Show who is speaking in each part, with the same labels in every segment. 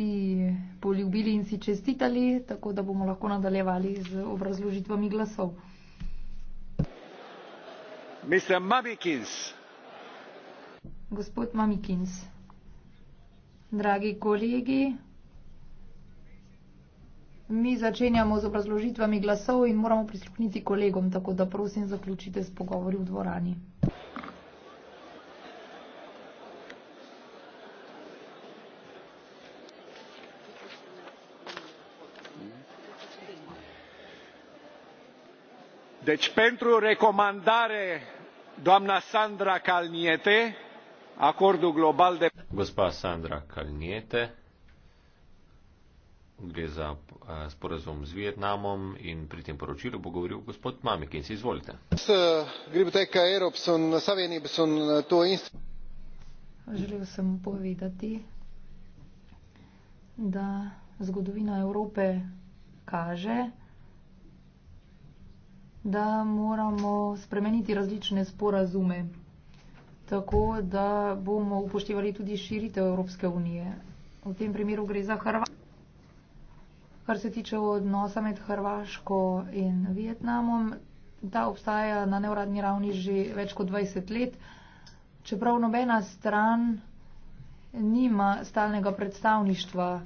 Speaker 1: vsi poljubili in si čestitali, tako da bomo lahko nadaljevali z obrazložitvami glasov.
Speaker 2: Mr. Mamikins.
Speaker 1: Gospod Mamikins, dragi kolegi, mi začenjamo z obrazložitvami glasov in moramo prisluhniti kolegom, tako da prosim zaključite s pogovori v dvorani.
Speaker 2: deci pentru recomandare doamna sandra calniete acordul global de
Speaker 1: gospa sandra calniete gre za sporazum z Vietnamom in pri tem
Speaker 2: poročilu bo govoril gospod Mamikins. Izvolite.
Speaker 1: Želel sem povedati, da zgodovina Evrope kaže, da moramo spremeniti različne sporazume, tako da bomo upoštevali tudi širitev Evropske unije. V tem primeru gre za Hrvaško. Kar se tiče odnosa med Hrvaško in Vietnamom, ta obstaja na neuradni ravni že več kot 20 let. Čeprav nobena stran nima stalnega predstavništva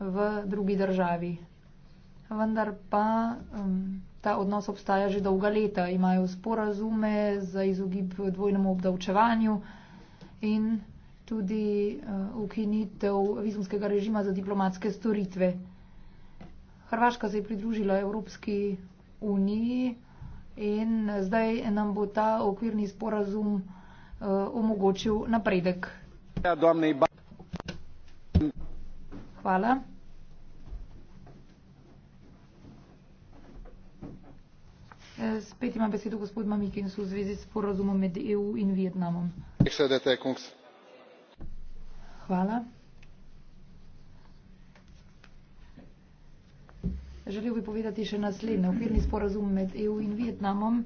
Speaker 1: v drugi državi. Vendar pa. Um, ta odnos obstaja že dolga leta, imajo sporazume za izogib dvojnemu obdavčevanju in tudi uh, ukinitev vizumskega režima za diplomatske storitve. Hrvaška se je pridružila Evropski uniji in zdaj nam bo ta okvirni sporazum uh, omogočil napredek. Ja, Hvala. Spet ima besedo gospod Mamikins v zvezi s sporozumom med EU in Vietnamom. Hvala. Želel bi povedati še naslednje. Okvirni sporazum med EU in Vietnamom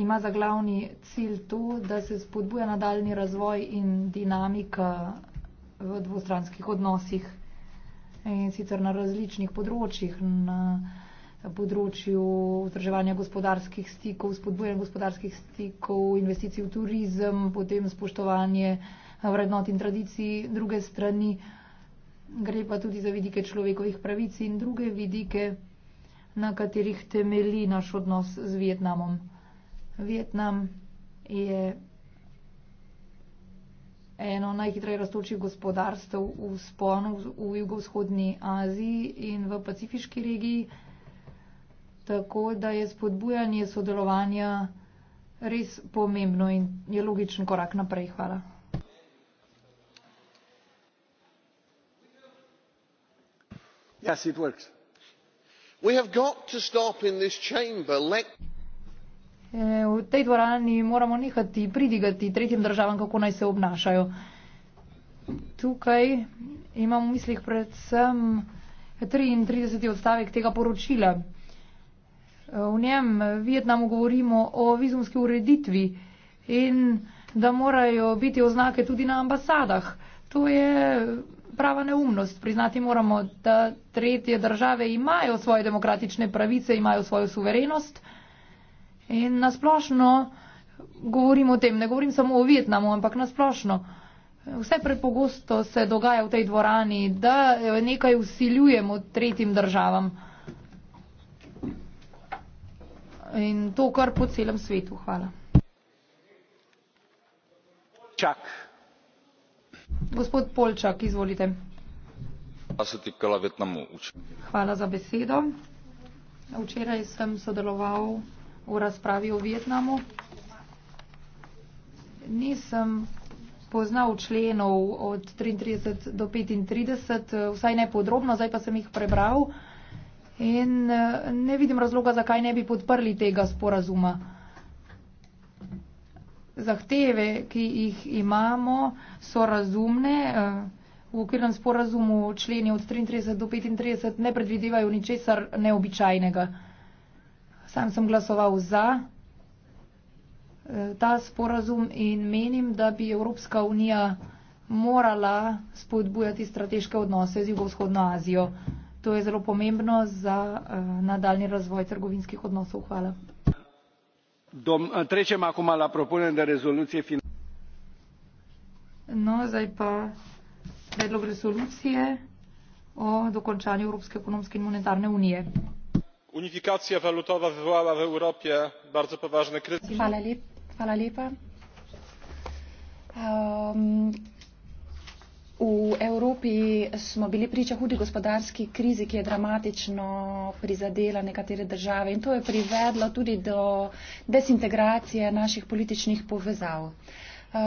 Speaker 1: ima za glavni cilj to, da se spodbuja nadaljni razvoj in dinamika v dvostranskih odnosih in sicer na različnih področjih. Na, področju vzdrževanja gospodarskih stikov, spodbujanja gospodarskih stikov, investicij v turizem, potem spoštovanje vrednot in tradicij druge strani. Gre pa tudi za vidike človekovih pravic in druge vidike, na katerih temeli naš odnos z Vietnamom. Vietnam je eno najhitreje rastočih gospodarstv v sponu v jugovzhodni Aziji in v pacifiški regiji. Tako da je spodbujanje sodelovanja res pomembno in je logičen korak naprej. Hvala.
Speaker 2: Yes, it works. We have got to stop in this chamber. Let...
Speaker 1: Eh, v tej dvorani moramo nehati pridigati tretjim državam, kako naj se obnašajo. Tukaj imam v mislih predvsem 33. odstavek tega poročila. V njem eh, Vietnamu govorimo o vizumski ureditvi in da morajo biti oznake tudi na ambasadah. To je prava neumnost. Priznati moramo, da tretje države imajo svoje demokratične pravice, imajo svojo suverenost. In nasplošno govorim o tem, ne govorim samo o Vietnamu, ampak nasplošno. Vse prepogosto se dogaja v tej dvorani, da nekaj usiljujemo tretjim državam in to kar po celem svetu. Hvala. Polčak. Gospod Polčak, izvolite. Hvala za besedo. Včeraj sem sodeloval v razpravi o Vietnamu. Nisem poznal členov od 33 do 35, vsaj ne podrobno, zdaj pa sem jih prebral. In eh, ne vidim razloga, zakaj ne bi podprli tega sporazuma. Zahteve, ki jih imamo, so razumne. Eh, v okvirnem sporazumu členi od 33 do 35 ne predvidevajo ničesar neobičajnega. Sam sem glasoval za eh, ta sporazum in menim, da bi Evropska unija morala spodbujati strateške odnose z Jugovzhodno Azijo. To je zelo pomembno za uh, eh, nadaljni razvoj trgovinskih odnosov. Hvala. Eh, no, zdaj pa predlog resolucije o dokončanju Evropske ekonomske in monetarne unije.
Speaker 2: Unifikacija valutova vyvolala v Evropi bardzo poważne krize. Hvala,
Speaker 1: lep, hvala lepa.
Speaker 3: Um, V Evropi smo bili priča hudi gospodarski krizi, ki je dramatično prizadela nekatere države in to je privedlo tudi do desintegracije naših političnih povezav. Uh,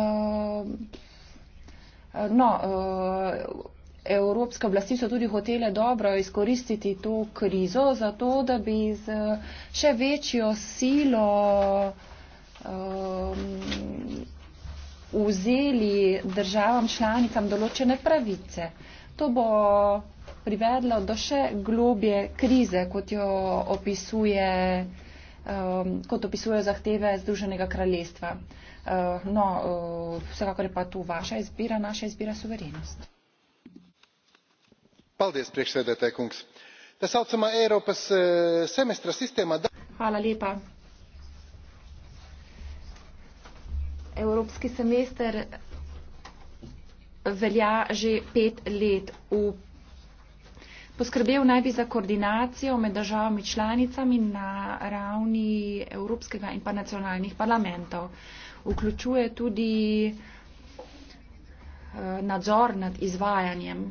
Speaker 3: no, uh, Evropske oblasti so tudi hotele dobro izkoristiti to krizo, zato da bi z še večjo silo um, vzeli državam članicam določene pravice. To bo privedlo do še globje krize, kot jo opisuje, um, kot opisuje zahteve Združenega kraljestva. Uh, no, uh, vsekakor je pa tu vaša izbira, naša izbira suverenost.
Speaker 2: Eh, Hvala lepa.
Speaker 3: evropski semester velja že pet let. V poskrbel naj bi za koordinacijo med državami članicami na ravni evropskega in pa nacionalnih parlamentov. Vključuje tudi eh, nadzor nad izvajanjem.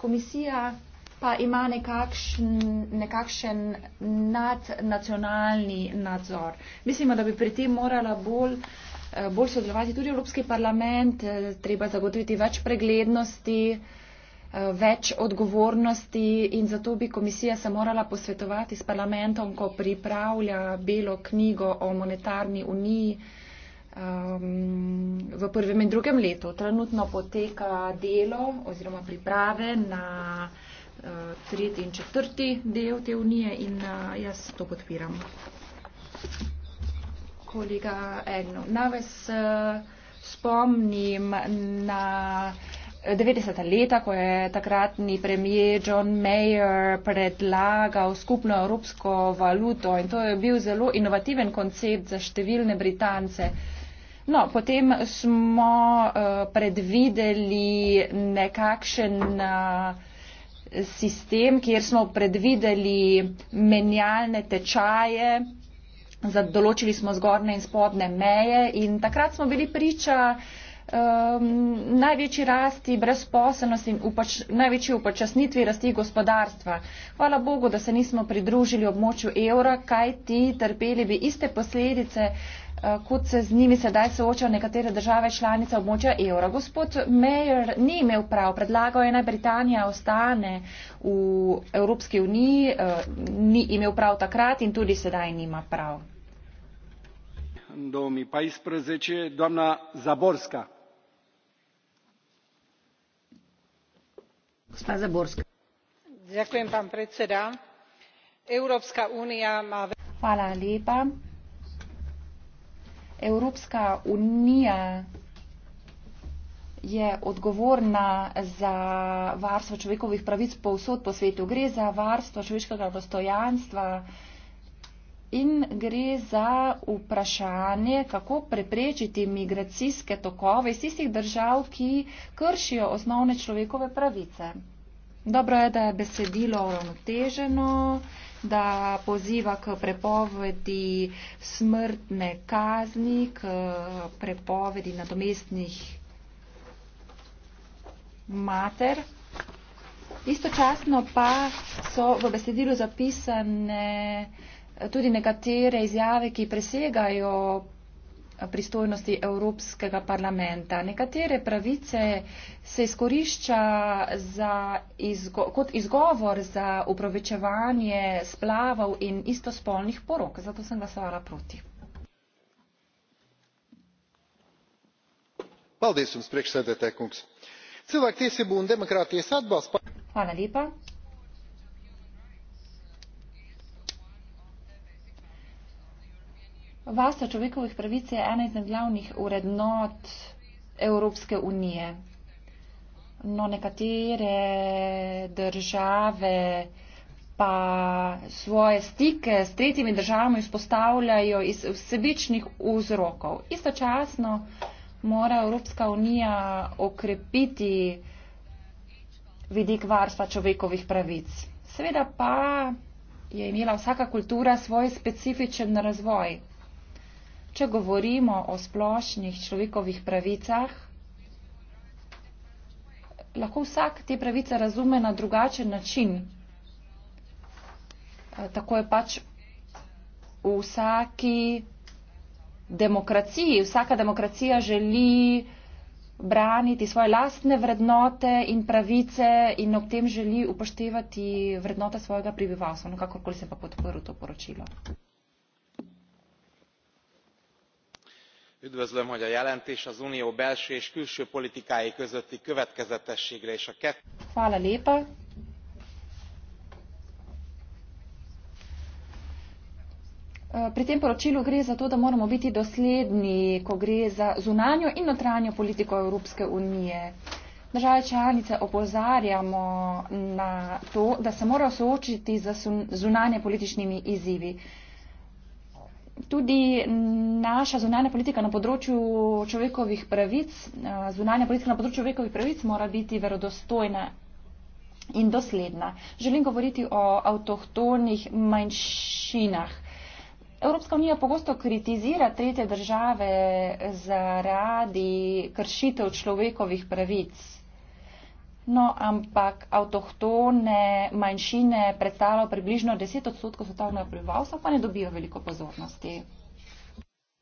Speaker 3: Komisija pa ima nekakšen, nekakšen nadnacionalni nadzor. Mislimo, da bi pri tem morala bolj, eh, bolj sodelovati tudi Evropski parlament, eh, treba zagotoviti več preglednosti, eh, več odgovornosti in zato bi komisija se morala posvetovati s parlamentom, ko pripravlja belo knjigo o monetarni uniji ehm, v prvem in drugem letu. Trenutno poteka delo oziroma priprave na Eh, tretji in četrti del te unije in eh, jaz to podpiram. Kolega Egno, naves eh, spomnim na 90. leta, ko je takratni premijer John Mayer predlagal skupno evropsko valuto in to je bil zelo inovativen koncept za številne Britance. No, potem smo uh, predvideli nekakšen uh, sistem, kjer smo predvideli menjalne tečaje, določili smo zgornje in spodne meje in takrat smo bili priča um, največji rasti brezposelnosti in upoč največji upočasnitvi rasti gospodarstva. Hvala Bogu, da se nismo pridružili območju evra, kaj ti trpeli bi iste posledice, uh, Eh, kot se z njimi sedaj soočajo nekatere države članice območja evra. Gospod Mayer ni imel prav, predlagal je naj Britanija ostane v Evropski uniji, eh, ni imel prav takrat in tudi sedaj nima prav. Hvala lepa. Evropska unija je odgovorna za varstvo človekovih pravic povsod po svetu. Gre za varstvo človeškega dostojanstva in gre za vprašanje, kako preprečiti migracijske tokove iz tistih držav, ki kršijo osnovne človekove pravice. Dobro je, da je besedilo ravnoteženo da poziva k prepovedi smrtne kazni, k prepovedi nadomestnih mater. Istočasno pa so v besedilu zapisane tudi nekatere izjave, ki presegajo pristojnosti Evropskega parlamenta. Nekatere pravice se izkorišča za izgo kot izgovor za upravičevanje splavov in istospolnih porok. Zato sem glasovala proti.
Speaker 2: Hvala lepa. Vasa
Speaker 3: človekovih pravic je ena izmed glavnih urednot Evropske unije. No, nekatere države pa svoje stike s tretjimi državami vzpostavljajo iz vsebičnih vzrokov. Istočasno mora Evropska unija okrepiti vidik varstva človekovih pravic. Seveda pa je imela vsaka kultura svoj specifičen razvoj. Če govorimo o splošnih človekovih pravicah, lahko vsak te pravice razume na drugačen način. Eh, tako je pač v vsaki demokraciji. Vsaka demokracija želi braniti svoje lastne vrednote in pravice in ob tem želi upoštevati vrednote svojega prebivalstva. No, kakorkoli sem pa podporil to poročilo.
Speaker 2: üdvözlöm hogy a jelentés az unió belső és külső politikái közötti következetességre és a
Speaker 3: Pri tem poročilu gre za to, da moramo biti dosledni, ko gre za zunanjo in notranjo politiko Evropske unije. Države članice opozarjamo na to, da se morajo soočiti z zunanje političnimi izzivi tudi naša zunanja politika na področju človekovih pravic, eh, zunanja politika na področju človekovih pravic mora biti verodostojna in dosledna. Želim govoriti o avtohtonih manjšinah. Evropska unija pogosto kritizira tretje države zaradi kršitev človekovih pravic. No, ampak avtohtone manjšine predstavljajo približno 10 odstotkov svetovnega prebivalstva, pa ne dobijo veliko pozornosti.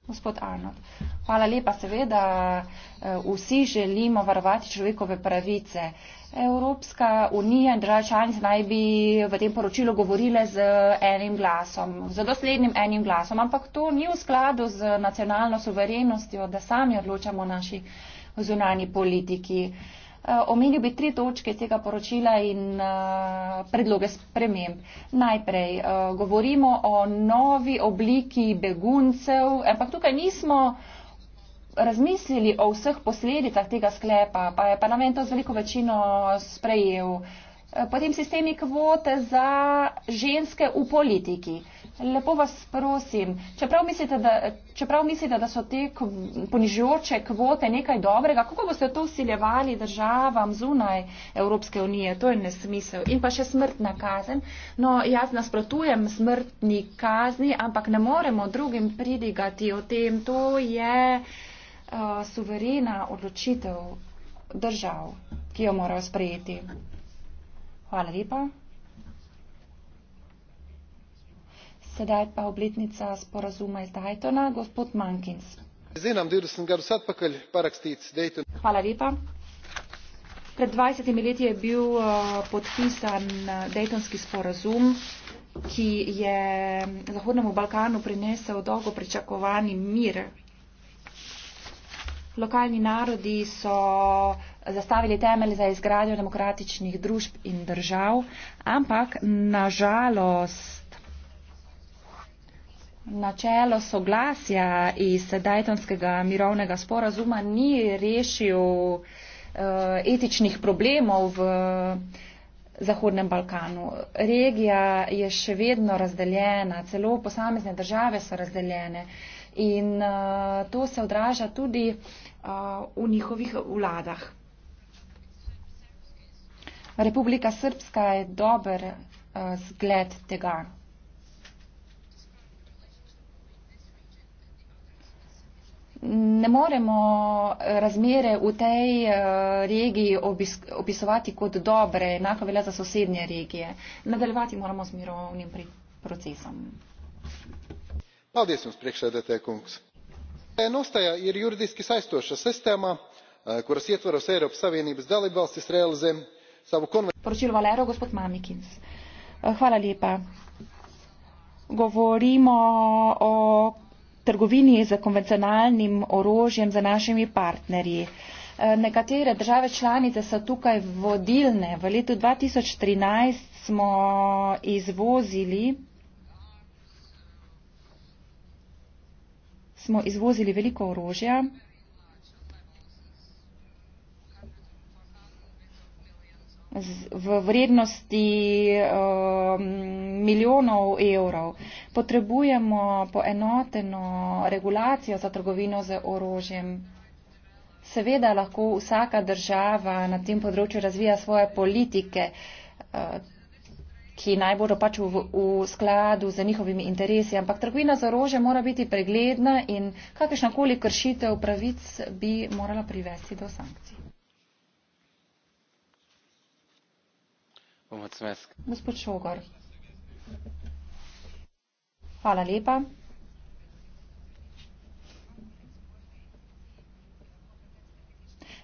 Speaker 3: Gospod Arnold, hvala lepa. Seveda eh, vsi želimo varovati človekove pravice. Evropska unija in države članice naj bi v tem poročilu govorile z enim glasom, z doslednim enim glasom, ampak to ni v skladu z nacionalno suverenostjo, da sami odločamo naši zunani politiki. Uh, Eh, omenil bi tri točke tega poročila in eh, predloge sprememb. Najprej eh, govorimo o novi obliki beguncev, ampak tukaj nismo razmislili o vseh posledicah tega sklepa, pa je parlament to z veliko večino sprejel. Potem sistemi kvote za ženske v politiki. Lepo vas prosim, čeprav mislite, da, čeprav mislite, da so te ponižujoče kvote nekaj dobrega, kako boste to usiljevali državam zunaj Evropske unije? To je nesmisel. In pa še smrtna kazen. No, jaz nasprotujem smrtni kazni, ampak ne moremo drugim pridigati o tem. To je uh, suverena odločitev držav, ki jo morajo sprejeti. Hvala lepa. Sedaj pa obletnica sporazuma iz Daytona, gospod Mankins. Hvala lepa. Pred 20 leti je bil eh, podpisan eh, Daytonski sporazum, ki je Zahodnemu Balkanu prinesel dolgo pričakovani mir. Lokalni narodi so zastavili temelj za izgradnjo demokratičnih družb in držav, ampak nažalost Načelo soglasja iz Daytonskega mirovnega sporazuma ni rešil eh, etičnih problemov v Zahodnem Balkanu. Regija je še vedno razdeljena, celo posamezne države so razdeljene in eh, to se odraža tudi eh, v njihovih vladah. Republika Srpska je dober zgled tega. ne moremo eh, razmere v tej eh, regiji opisovati kot dobre, enako velja za sosednje regije. Nadaljevati moramo z mirovnim procesom.
Speaker 2: Paldiesums priekšsēdētē, kungs. Nostaja ir juridiski saistoša sistēma, eh, kuras ietvaros Eiropas Savienības dalībvalstis realizē savu konvenciju.
Speaker 3: Poročilo Valero, gospod Mamikins. Hvala lepa. Govorimo o trgovini z konvencionalnim orožjem za našimi partnerji. E, nekatere države članice so tukaj vodilne. V letu 2013 smo izvozili, smo izvozili veliko orožja. v vrednosti um, milijonov evrov. Potrebujemo poenoteno regulacijo za trgovino z orožjem. Seveda lahko vsaka država na tem področju razvija svoje politike, uh, ki naj bodo pač v, v skladu z njihovimi interesi, ampak trgovina z orožjem mora biti pregledna in kakršnakoli kršitev pravic bi morala privesti do sankcij. Gospod Šogar. Hvala lepa.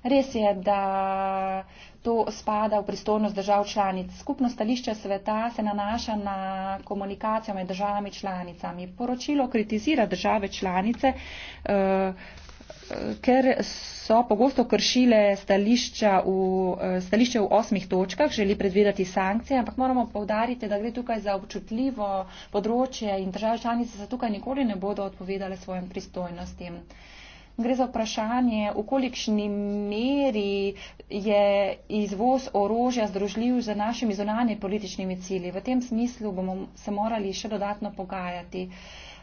Speaker 3: Res je, da to spada v pristojnost držav članic. Skupno stališče sveta se nanaša na komunikacijo med državami članicami. Poročilo kritizira države članice, eh, ker so pogosto kršile stališča v, eh, stališče v osmih točkah, želi predvideti sankcije, ampak moramo povdariti, da gre tukaj za občutljivo področje in države članice se tukaj nikoli ne bodo odpovedale svojim pristojnostim. Gre za vprašanje, v kolikšni meri je izvoz orožja združljiv z našimi zunanje političnimi cilji. V tem smislu bomo se morali še dodatno pogajati.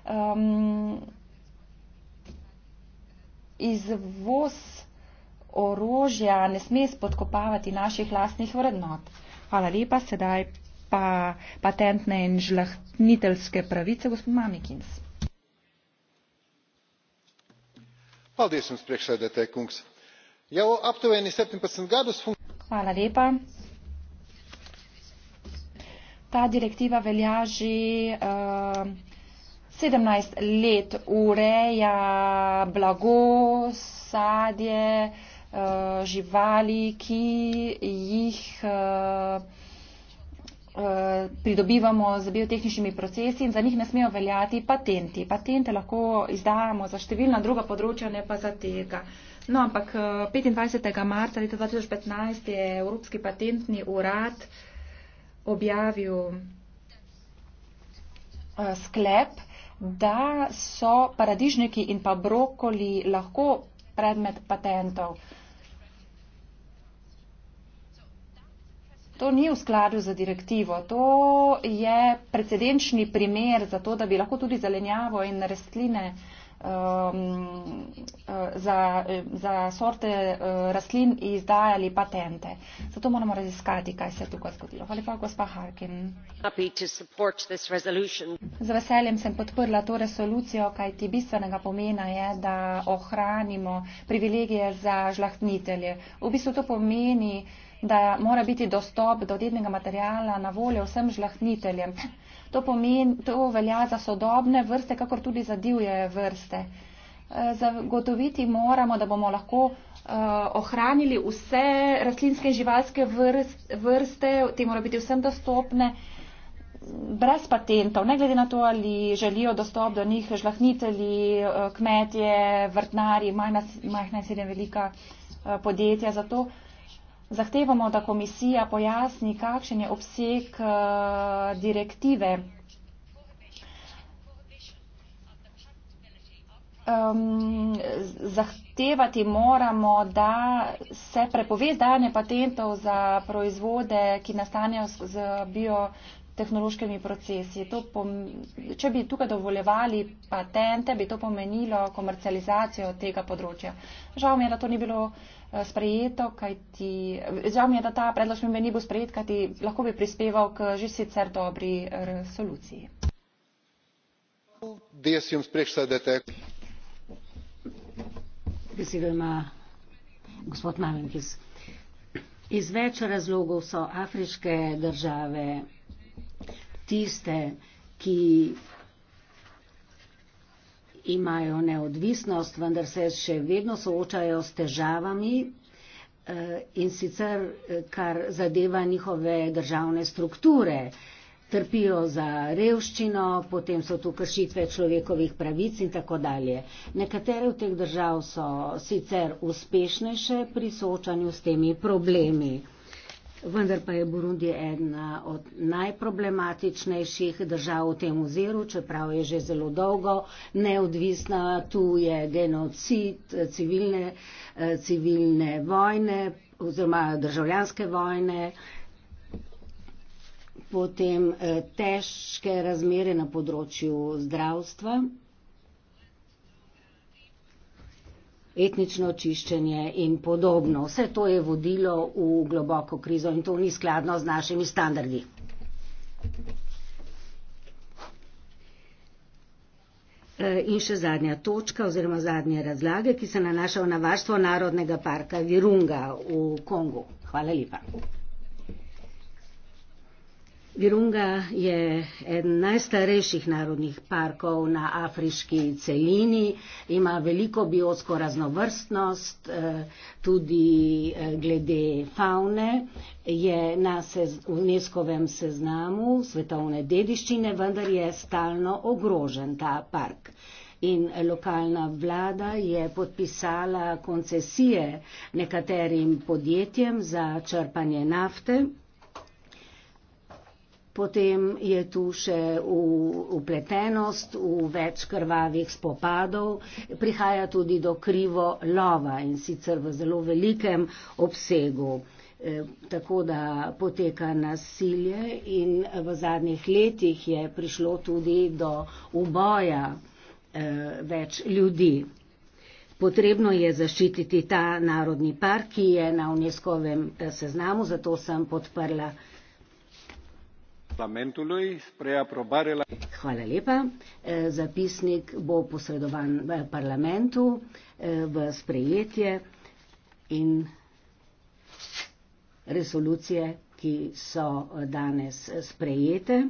Speaker 3: Um, izvoz orožja ne sme spodkopavati naših lastnih vrednot. Hvala lepa, sedaj pa patentne in žlahtniteljske pravice, gospod Mamikins.
Speaker 2: Hvala lepa. Ta direktiva
Speaker 3: velja že uh, 17 let ureja blago, sadje, eh, živali, ki jih eh, eh, pridobivamo z biotehničnimi procesi in za njih ne smejo veljati patenti. Patente lahko izdajamo za številna druga področja, ne pa za tega. No, ampak 25. marca leta 2015 je Evropski patentni urad objavil sklep, da so paradižniki in pa brokoli lahko predmet patentov. To ni v skladu za direktivo, to je precedenčni primer za to, da bi lahko tudi zelenjavo in rastline uh, um, eh, za, za sorte uh, rastlin izdajali patente. Zato moramo raziskati, kaj se je tukaj zgodilo. Hvala lepa, gospa Harkin. Z veseljem sem podprla to resolucijo, kajti bistvenega pomena je, da ohranimo privilegije za žlahtnitelje. V bistvu to pomeni, da mora biti dostop do dednega materijala na voljo vsem žlahtniteljem. To, pomeni, to velja za sodobne vrste, kakor tudi za divje vrste. E, zagotoviti moramo, da bomo lahko e, ohranili vse rastlinske in živalske vrste, te mora biti vsem dostopne, brez patentov, ne glede na to, ali želijo dostop do njih žlahnitelji, e, kmetje, vrtnari, majhna in srednja velika podjetja za to. Uh, Zahtevamo, da komisija pojasni, kakšen je obseg eh, direktive. Um, zahtevati moramo, da se prepove zdanje patentov za proizvode, ki nastanejo z bio tehnološkimi procesi. Pom, če bi tukaj dovoljevali patente, bi to pomenilo komercializacijo tega področja. Žal mi je, da to ni bilo eh, sprejeto, kajti, eh, žal mi je, da ta predlog spremembe ni bil sprejet, kajti lahko bi prispeval k že sicer dobri
Speaker 4: resoluciji. Iz več razlogov so afriške države tiste, ki imajo neodvisnost, vendar se še vedno soočajo s težavami eh, in sicer eh, kar zadeva njihove državne strukture. Trpijo za revščino, potem so tu kršitve človekovih pravic in tako dalje. Nekatere v teh držav so sicer uspešnejše pri soočanju s temi problemi. Vendar pa je Burundi ena od najproblematičnejših držav v tem oziru, čeprav je že zelo dolgo neodvisna, tu je genocid, civilne, eh, civilne vojne oziroma državljanske vojne, potem eh, težke razmere na področju zdravstva. etnično očiščenje in podobno. Vse to je vodilo v globoko krizo in to ni skladno z našimi standardi. E, in še zadnja točka oziroma zadnje razlage, ki se nanašajo na varstvo Narodnega parka Virunga v Kongu. Hvala lepa. Virunga je eden najstarejših narodnih parkov na afriški celini, ima veliko biotsko raznovrstnost, eh, tudi eh, glede faune, je na UNESCO-vem seznamu svetovne dediščine, vendar je stalno ogrožen ta park. In lokalna vlada je podpisala koncesije nekaterim podjetjem za črpanje nafte potem je tu še upletenost v, v več krvavih spopadov, prihaja tudi do krivo lova in sicer v zelo velikem obsegu. E, tako da poteka nasilje in v zadnjih letih je prišlo tudi do uboja e, več ljudi. Potrebno je zaščititi ta narodni park, ki je na UNESCO-vem e, seznamu, zato sem podprla
Speaker 2: parlamentului spre aprobare la...
Speaker 4: Hvala lepa. E, zapisnik bo posredovan v parlamentu e, v sprejetje in resolucije, ki so e, danes sprejete.